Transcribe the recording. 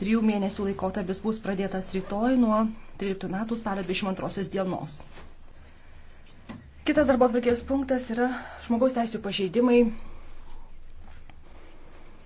trijų mėnesių laikotarpis bus pradėtas rytoj nuo 13 metų spalio 22 dienos. Kitas darbos punktas yra žmogaus teisų pažeidimai